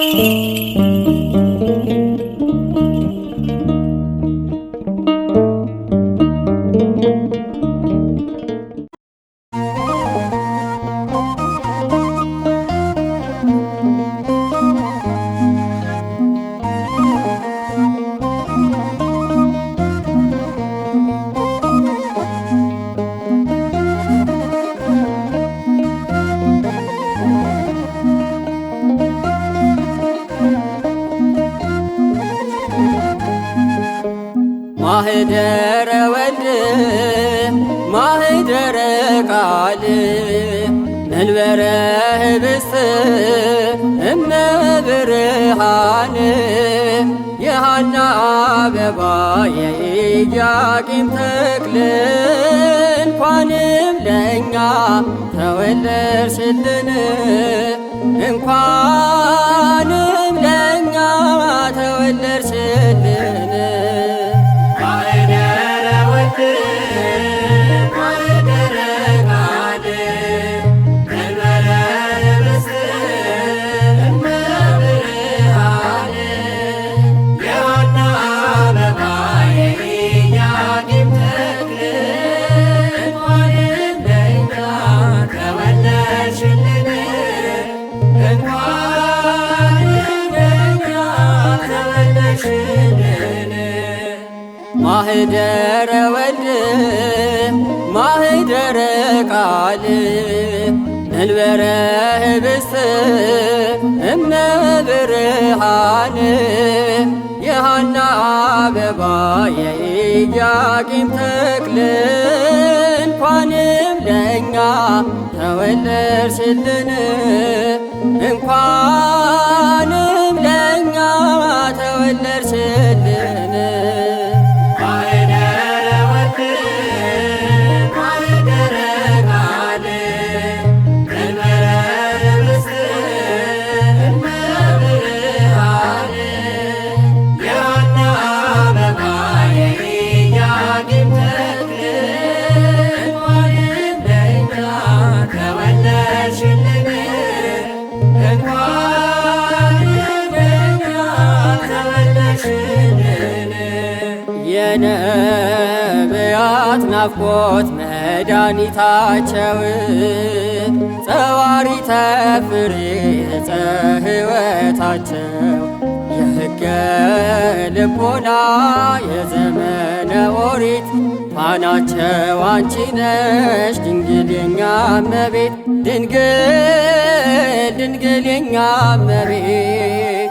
you. ማህደረ ወልድ ማህደረ ቃል መንበረ ህብስት እመብርሃን የሃና አበባ የኢያቄም ተክል እንኳንም ለእኛ ተወለድሽልን እንኳንም ለእኛ ተወለድሽ ማህደረ ወልድ ማህደረ ቃል መንበረ ህብስት እመብርሃን የሃና አበባ የኢያቄም ተክል እንኳንም ለእኛ ተወለድሽልን እንኳን የነቢያት ናፍቆት መድኃኒታቸው ጸባሪተ ፍሬ ሕይወታቸው የሕገ ልቦና የዘመነ ኦሪት ፋናቸው አንቺ ነሽ ድንግል የኛ እመቤት ድንግል ድንግል የኛ እመቤት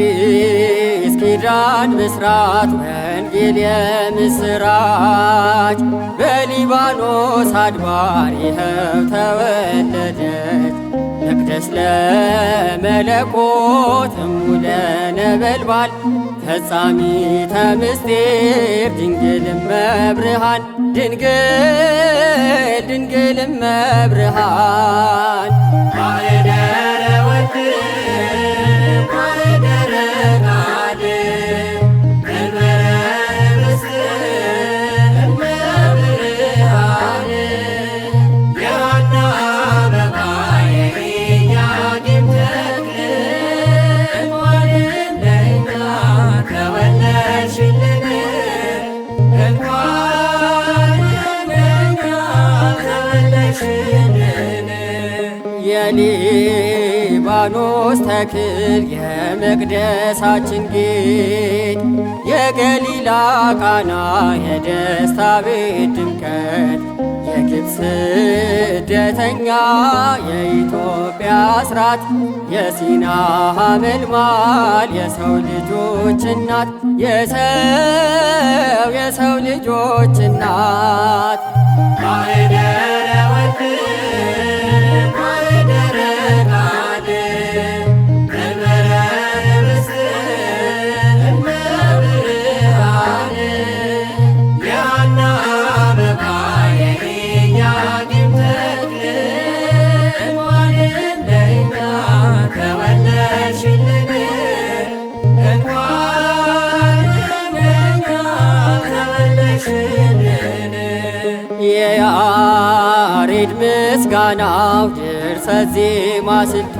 የአዲስ ኪዳን ብስራት ወንጌል የምስራች በሊባኖስ አድባር ይኸው ተወለደች። መቅደስ ለመለኮት እሙለ ነበልባል ፈጻሚተ ምስጢር ድንግል መብርሃን! ድንግል ድንግል ከሊባኖስ ተክል የመቅደሳችን ጌጥ የገሊላ ቃና የደስታ ቤት ድምቀት የግብፅ ስደተኛ የኢትዮጵያ አስራት የሲና ሐመልማል የሰው ልጆች እናት የሰው የሰው ልጆች እናት ቃናው ድርሰት ዜማ ስልቱ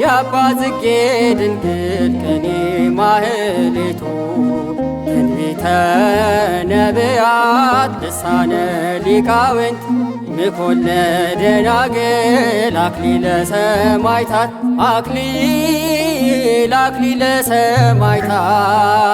የአባ ጽጌ ድንግል ቅኔ ማህሌቱ ትንቢተ ነቢያት ልሳነ ሊቃውንት ምኮነ ደናግል አክሊለ ሰማዕታት አክሊል አክሊለ ሰማዕታት